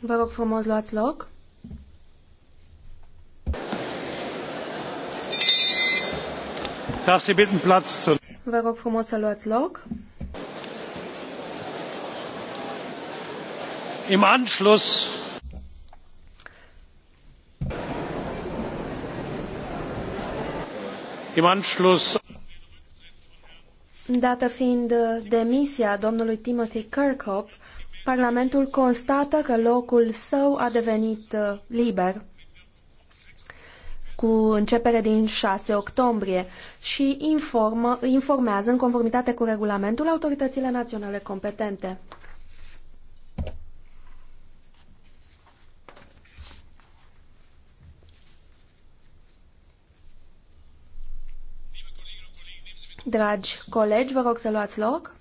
Vă rog frumos, luați loc. Vă rog frumos să luați loc. Im Anschluss Im Anschluss Dată fiind uh, demisia domnului Timothy Kirkhope, Parlamentul constată că locul său a devenit uh, liber cu începere din 6 octombrie și informă, informează în conformitate cu regulamentul autoritățile naționale competente. Dragi colegi, vă rog să luați loc.